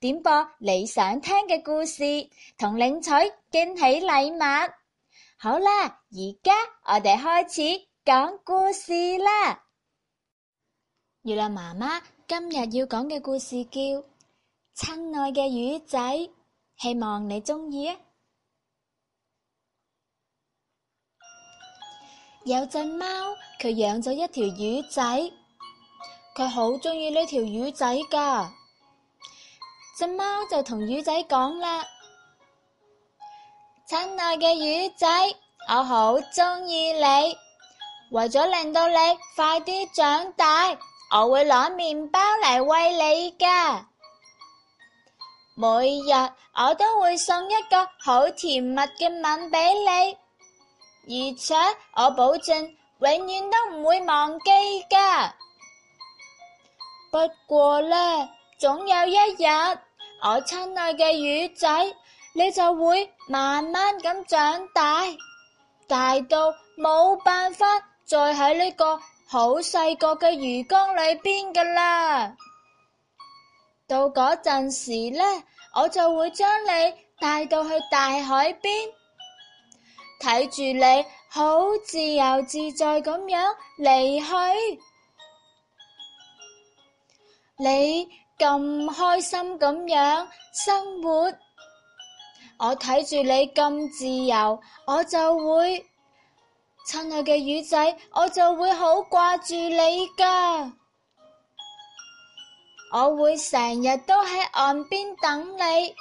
點播你想聽嘅故事，同領取驚喜禮物。好啦，而家我哋開始講故事啦。月亮媽媽今日要講嘅故事叫《親愛嘅魚仔》，希望你鍾意啊！有隻貓，佢養咗一條魚仔，佢好鍾意呢條魚仔噶。隻貓就同魚仔講啦：親愛嘅魚仔，我好鍾意你，為咗令到你快啲長大，我會攞麵包嚟餵你㗎。每日我都會送一個好甜蜜嘅吻俾你，而且我保證永遠都唔會忘記㗎。不過呢……」總有一日，我親愛嘅魚仔，你就會慢慢咁長大，大到冇辦法再喺呢個好細個嘅魚缸裏邊噶啦。到嗰陣時呢，我就會將你帶到去大海邊，睇住你好自由自在咁樣離去，你。咁開心咁樣生活，我睇住你咁自由，我就會，親愛嘅魚仔，我就會好掛住你㗎，我會成日都喺岸邊等你，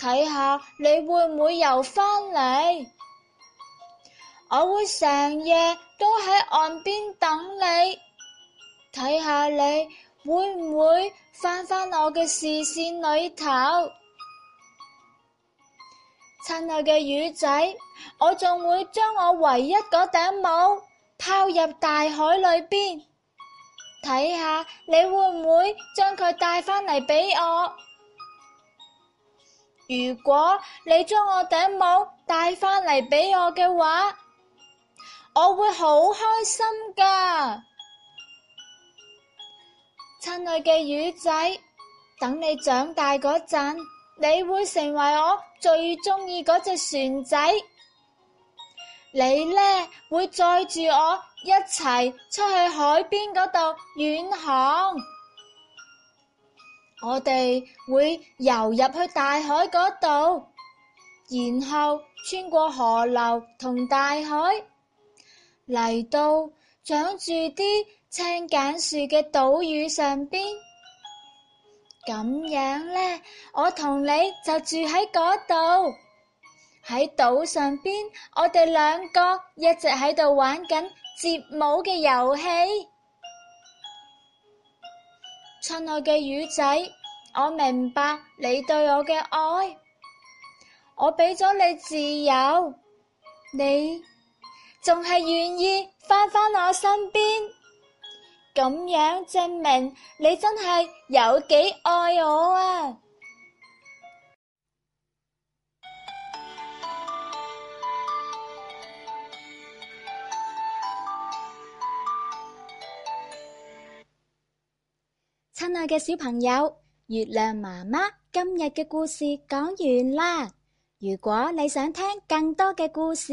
睇下你會唔會游返嚟，我會成夜都喺岸邊等你，睇下你。會唔會翻返我嘅視線裏頭？親愛嘅魚仔，我仲會將我唯一嗰頂帽拋入大海裏邊，睇下你會唔會將佢帶返嚟俾我？如果你將我頂帽帶返嚟俾我嘅話，我會好開心噶。親愛嘅魚仔，等你長大嗰陣，你會成為我最鍾意嗰隻船仔。你呢，會載住我一齊出去海邊嗰度遠航。我哋會游入去大海嗰度，然後穿過河流同大海，嚟到長住啲。青簡樹嘅島嶼上邊，咁樣呢，我同你就住喺嗰度喺島上邊。我哋兩個一直喺度玩緊接舞嘅遊戲。親愛嘅魚仔，我明白你對我嘅愛，我俾咗你自由，你仲係願意翻返我身邊。咁樣證明你真係有幾愛我啊！親愛嘅小朋友，月亮媽媽今日嘅故事講完啦。如果你想聽更多嘅故事，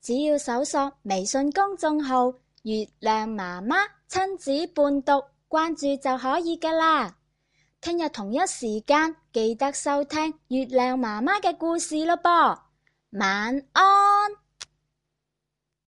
只要搜索微信公眾號。月亮媽媽親子伴讀，關注就可以㗎喇。聽日同一時間記得收聽月亮媽媽嘅故事咯噃。晚安。